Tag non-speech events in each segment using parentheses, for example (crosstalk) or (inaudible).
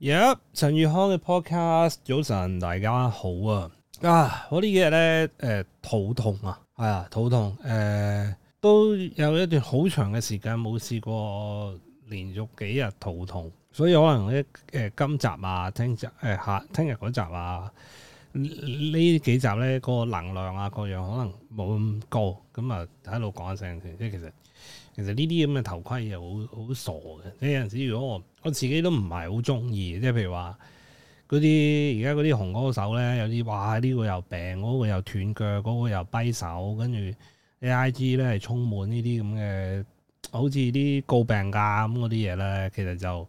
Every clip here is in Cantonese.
耶！yep, 陳宇康嘅 podcast，早晨，大家好啊！啊，我呢幾日咧，誒、呃，肚痛啊，係、哎、啊，肚痛，誒、呃，都有一段好長嘅時間冇試過連續幾日肚痛，所以可能咧，誒，今集啊，聽集，誒、呃，下聽日嗰集啊。呢幾集咧，個能量啊，個樣可能冇咁高，咁啊喺度講一聲先。即係其實，其實呢啲咁嘅頭盔又好，好傻嘅。即有陣時，如果我我自己都唔係好中意，即係譬如話嗰啲而家嗰啲紅歌手咧，有啲哇呢、這個又病，嗰、那個又斷腳，嗰、那個又跛手，跟住 A I G 咧係充滿呢啲咁嘅，好似啲告病假咁嗰啲嘢咧，其實就誒、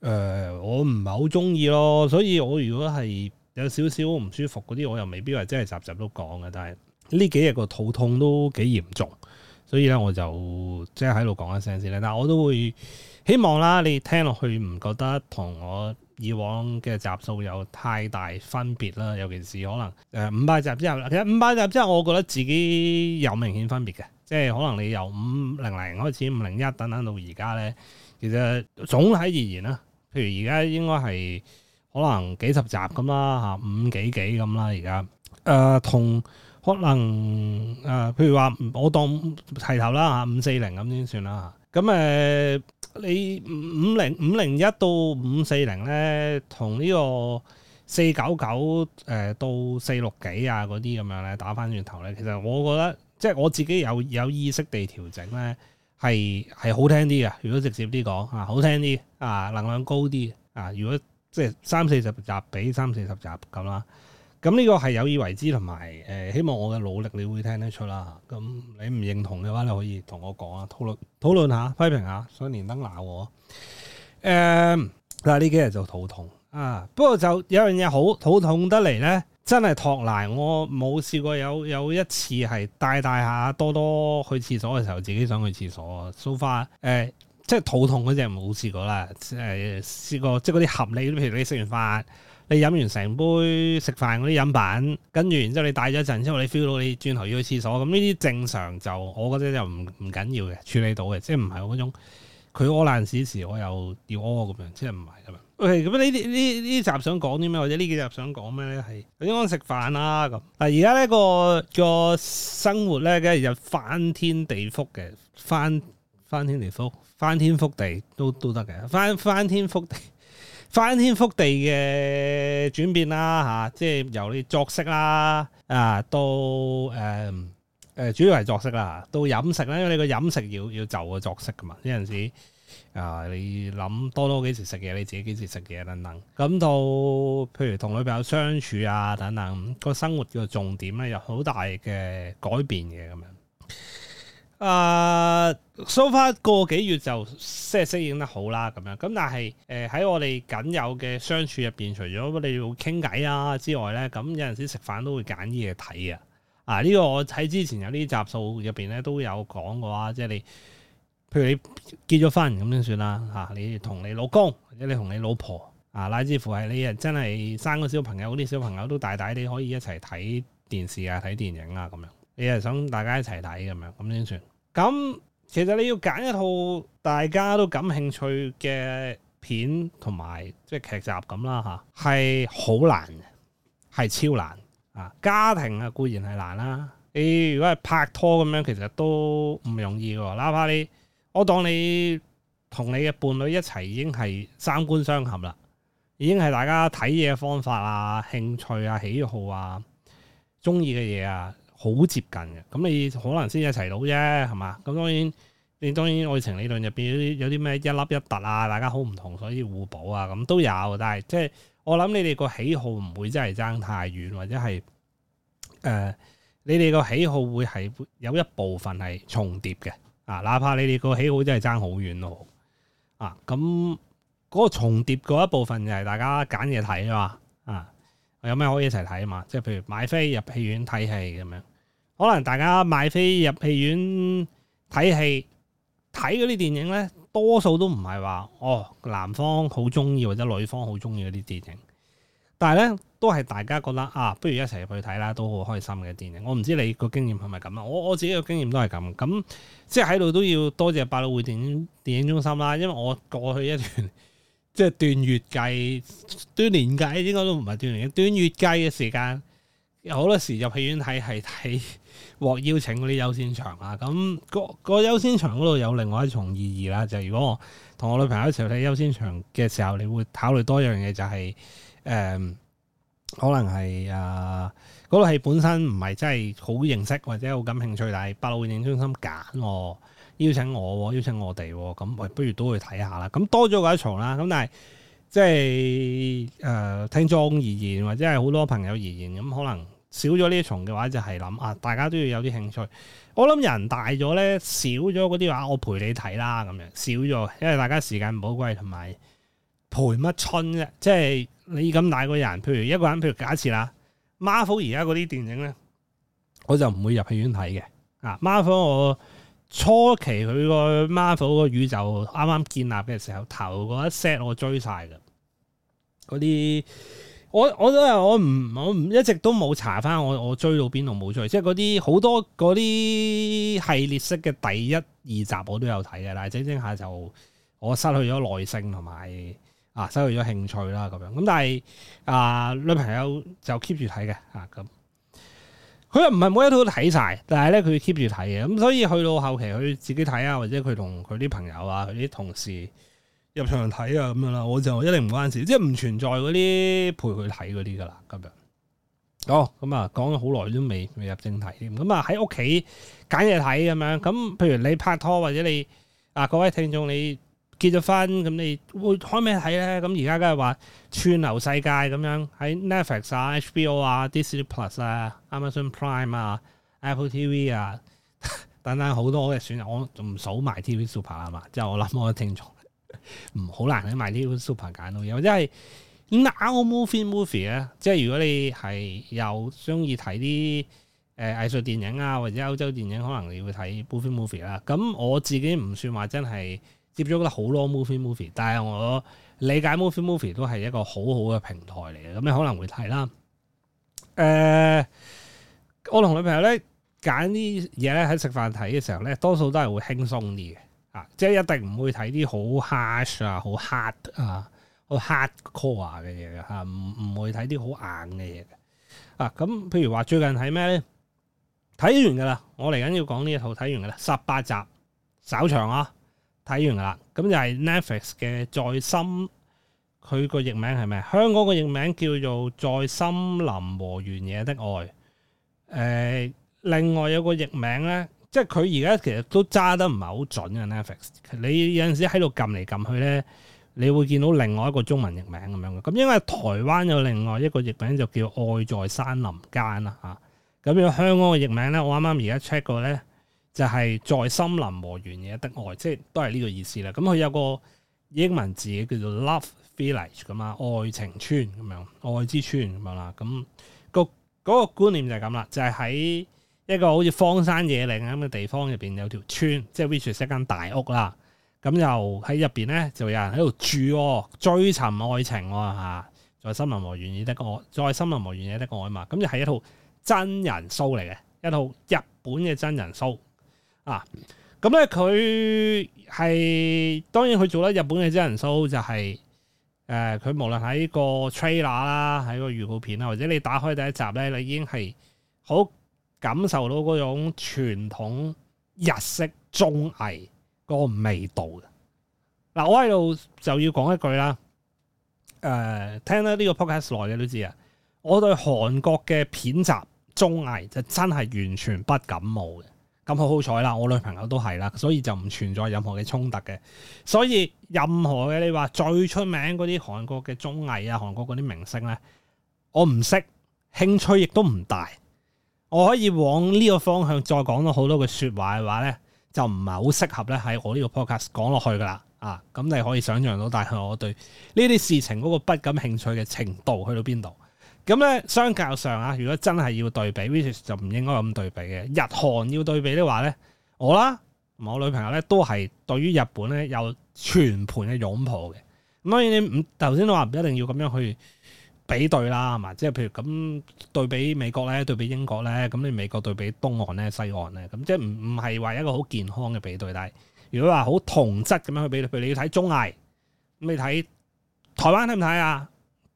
呃、我唔係好中意咯。所以我如果係有少少唔舒服嗰啲，我又未必話真係集集都講嘅。但係呢幾日個肚痛都幾嚴重，所以咧我就即係喺度講一聲先啦。但係我都會希望啦，你聽落去唔覺得同我以往嘅集數有太大分別啦。尤其是可能誒五百集之後，其實五百集之後，我覺得自己有明顯分別嘅。即係可能你由五零零開始，五零一等等到而家咧，其實總體而言啦，譬如而家應該係。可能幾十集咁啦嚇，五幾幾咁啦而家，誒、呃、同可能誒、呃，譬如話我當齊頭啦嚇，五四零咁先算啦嚇。咁、嗯、誒你五零五零一到五四零咧，同呢個四九九誒到四六幾啊嗰啲咁樣咧，打返轉頭咧，其實我覺得即係我自己有有意識地調整咧，係係好聽啲嘅。如果直接啲講嚇，好聽啲啊，能量高啲啊，如果。即係三四十集比三四十集咁啦，咁呢個係有意為之同埋，誒、呃、希望我嘅努力你會聽得出啦。咁你唔認同嘅話，你可以同我講啊，討論討論下，批評下，想連登鬧我。誒、嗯，但呢幾日就肚痛啊，不過就有一樣嘢好肚痛得嚟呢，真係托賴我冇試過有有一次係帶大下多多去廁所嘅時候，自己想去廁所，so far，誒、呃。即係肚痛嗰隻冇試過啦，誒，試過即係嗰啲合理，譬如你食完飯，你飲完成杯食飯嗰啲飲品，跟住然之後你大咗陣之後，你 feel 到你轉頭要去廁所，咁呢啲正常就我覺得就唔唔緊要嘅，處理到嘅，即係唔係嗰種佢屙爛屎時，時我又要屙咁樣，即係唔係咁樣。OK，咁呢啲呢呢集想講啲咩，或者呢幾集想講咩咧？係應該食飯啦咁。嗱，而家呢個個生活咧，梗係翻天地覆嘅翻。翻天地覆，翻天覆地都都得嘅，翻翻天覆地，翻天覆地嘅轉變啦吓、啊，即係由你作息啦啊，到誒誒、呃呃，主要係作息啦，到飲食咧，因為你個飲食要要就個作息噶嘛，呢陣時啊，你諗多多幾時食嘢，你自己幾時食嘢等等，咁到譬如同女朋友相處啊等等，個生活嘅重點咧有好大嘅改變嘅咁樣。啊，收翻個幾月就即係適應得好啦，咁樣咁，但係誒喺我哋僅有嘅相處入邊，除咗你要傾偈啊之外咧，咁、嗯、有陣時食飯都會揀啲嘢睇啊！啊，呢、呢個我喺之前有啲集數入邊咧都有講過啊，即、就、係、是、你，譬如你結咗婚咁點算啦？嚇、啊，你同你老公或者你同你老婆啊，乃至乎係你係真係生個小朋友啲小朋友都大大哋，你可以一齊睇電視啊、睇電影啊咁樣。你係想大家一齊睇咁樣咁先算。咁其實你要揀一套大家都感興趣嘅片同埋即係劇集咁啦嚇，係好難，係超難啊！家庭啊固然係難啦，你如果係拍拖咁樣，其實都唔容易嘅喎。哪怕你我當你同你嘅伴侶一齊已經係三觀相合啦，已經係大家睇嘢嘅方法啊、興趣啊、喜好啊、中意嘅嘢啊。好接近嘅，咁你可能先一齊到啫，係嘛？咁當然，你當然愛情理論入邊有啲有啲咩一粒一突啊，大家好唔同，所以互補啊，咁都有。但係即係我諗你哋個喜好唔會真係爭太遠，或者係誒、呃、你哋個喜好會係有一部分係重疊嘅啊，哪怕你哋個喜好真係爭好遠都好啊。咁嗰個重疊嗰一部分就係大家揀嘢睇啊嘛，啊有咩可以一齊睇啊嘛，即係譬如買飛入戲院睇戲咁樣。可能大家買飛入戲院睇戲睇嗰啲電影咧，多數都唔係話哦，男方好中意或者女方好中意嗰啲電影，但係咧都係大家覺得啊，不如一齊去睇啦，都好開心嘅電影。我唔知你個經驗係咪咁啊？我我自己個經驗都係咁。咁即係喺度都要多謝百老匯電影電影中心啦，因為我過去一段即係、就是、段月計、段年計，應該都唔係段年，段月計嘅時間。有好多時入戲院睇係睇獲邀請嗰啲優先場啊。咁、嗰個、嗰個優先場嗰度有另外一重意義啦。就係、如果我同我女朋友一齊睇優先場嘅時候，你會考慮多樣嘢、就係，就係誒可能係啊嗰個戲本身唔係真係好認識或者好感興趣，但係百老匯電影中心揀我邀請我邀請我哋，咁喂，不如都去睇下啦。咁多咗一重啦，咁但係即係誒、呃、聽眾而言，或者係好多朋友而言，咁可能。少咗呢一重嘅話，就係諗啊！大家都要有啲興趣。我諗人大咗咧，少咗嗰啲話，我陪你睇啦咁樣。少咗，因為大家時間唔好貴，同埋陪乜春啫。即係你咁大個人，譬如一個人，譬如假設啦，Marvel 而家嗰啲電影咧，我就唔會入戲院睇嘅。啊，Marvel 我初期佢個 Marvel 個宇宙啱啱建立嘅時候，頭嗰一 set 我追晒嘅嗰啲。我我都係我唔我唔一直都冇查翻我我追到邊度冇追，即係嗰啲好多嗰啲系列式嘅第一二集我都有睇嘅，但係整整下就我失去咗耐性同埋啊失去咗興趣啦咁樣，咁但係啊女朋友就 keep 住睇嘅啊咁，佢又唔係每一套都睇晒，但係咧佢 keep 住睇嘅，咁所以去到後期佢自己睇啊，或者佢同佢啲朋友啊佢啲同事。入場睇啊咁樣啦，我就一定唔關事，即係唔存在嗰啲陪佢睇嗰啲噶啦咁樣。哦，咁啊，講咗好耐都未未入正題添。咁啊喺屋企揀嘢睇咁樣，咁譬如你拍拖或者你啊各位聽眾你結咗婚，咁你會開咩睇咧？咁而家梗係話串流世界咁樣喺 Netflix 啊、HBO 啊、Disney Plus 啊、Amazon Prime 啊、Apple TV 啊 (laughs) 等等好多嘅選擇。我仲唔數埋 TV Super 啊嘛，之後我諗我啲聽眾。唔好 (laughs) 難喺 MyTV Super 揀到，又或者係 Now Movie Movie 咧，即係如果你係又中意睇啲誒藝術電影啊，或者歐洲電影，可能你會睇 Movie Movie 啦。咁我自己唔算話真係接觸得好多 Movie Movie，但係我理解 Movie Movie 都係一個好好嘅平台嚟嘅，咁你可能會睇啦。誒、呃，我同女朋友咧揀啲嘢咧喺食飯睇嘅時候咧，多數都係會輕鬆啲嘅。啊！即係一定唔會睇啲好 harsh 啊、好 hard 啊、好 hard core 嘅嘢嘅吓，唔唔會睇啲好硬嘅嘢嘅。啊！咁譬如話最近睇咩咧？睇完噶啦，我嚟緊要講呢一套睇完噶啦，十八集稍長啊，睇完噶啦。咁就係 Netflix 嘅《在心》，佢個譯名係咩？香港個譯名叫做《在森林和原野的愛》。誒、呃，另外有個譯名咧。即係佢而家其實都揸得唔係好準嘅 Netflix。你有陣時喺度撳嚟撳去咧，你會見到另外一個中文譯名咁樣嘅。咁因為台灣有另外一個譯名就叫愛在山林間啦嚇。咁、嗯、要香港嘅譯名咧，我啱啱而家 check 過咧，就係、是、在森林和原野的愛，即係都係呢個意思啦。咁、嗯、佢有個英文字叫做 Love Village 咁啊，愛情村咁樣，愛之村咁樣啦。咁、嗯那個嗰、那個觀念就係咁啦，就係喺。一個好似荒山野嶺咁嘅地方入邊有條村，即係 which 係一間大屋啦。咁又喺入邊咧，就有人喺度住哦、啊，追尋愛情哦、啊、吓、啊。再心無和願也得個，再心無和願也得個嘛。咁就係一套真人 show 嚟嘅，一套日本嘅真人 show 啊。咁咧佢係當然佢做咧日本嘅真人 show 就係、是、誒，佢、呃、無論喺個 trailer 啦，喺個預告片啊，或者你打開第一集咧，你已經係好。感受到嗰種傳統日式綜藝嗰個味道嘅，嗱我喺度就要講一句啦，誒，聽得呢個 podcast 耐嘅都知啊，我，、呃、我對韓國嘅片集綜藝就真係完全不感冒嘅，咁好好彩啦，我女朋友都係啦，所以就唔存在任何嘅衝突嘅，所以任何嘅你話最出名嗰啲韓國嘅綜藝啊，韓國嗰啲明星咧，我唔識，興趣亦都唔大。我可以往呢個方向再講到好多嘅說話嘅話咧，就唔係好適合咧喺我呢個 Podcast 講落去噶啦。啊，咁你可以想象到，但係我對呢啲事情嗰個不感興趣嘅程度去到邊度？咁、嗯、咧相較上啊，如果真係要對比 which 就唔應該咁對比嘅。日韓要對比的話咧，我啦同我女朋友咧都係對於日本咧有全盤嘅擁抱嘅。咁當然你唔頭先都話唔一定要咁樣去。比對啦，係嘛？即係譬如咁對比美國咧，對比英國咧，咁你美國對比東岸咧、西岸咧，咁即係唔唔係話一個好健康嘅比對。但係如果話好同質咁樣去比對，譬如你要睇綜藝，咁你睇台灣睇唔睇啊？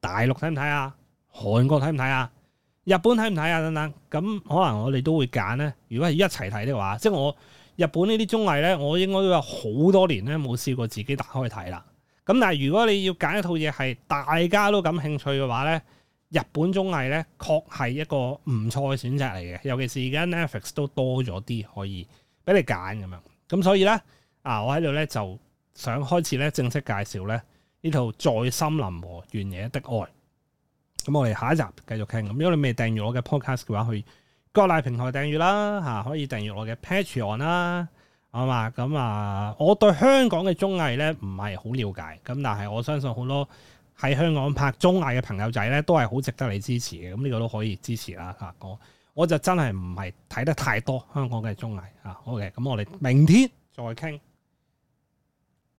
大陸睇唔睇啊？韓國睇唔睇啊？日本睇唔睇啊？等等。咁可能我哋都會揀咧。如果係一齊睇的話，即係我日本呢啲綜藝咧，我應該都有好多年咧冇試過自己打開睇啦。咁但係如果你要揀一套嘢係大家都感興趣嘅話咧，日本綜藝咧確係一個唔錯嘅選擇嚟嘅，尤其是而家 Netflix 都多咗啲可以俾你揀咁樣。咁所以咧啊，我喺度咧就想開始咧正式介紹咧呢套《在森林和原野的愛》。咁我哋下一集繼續傾。咁如果你未訂閱我嘅 podcast 嘅話，去各大平台訂閱啦嚇，可以訂閱我嘅 Patreon 啦。啊嘛，咁啊、嗯，我對香港嘅綜藝咧唔係好了解，咁但係我相信好多喺香港拍綜藝嘅朋友仔咧都係好值得你支持嘅，咁、嗯、呢、這個都可以支持啦。啊，我我就真係唔係睇得太多香港嘅綜藝。啊，OK，咁、嗯、我哋明天再傾。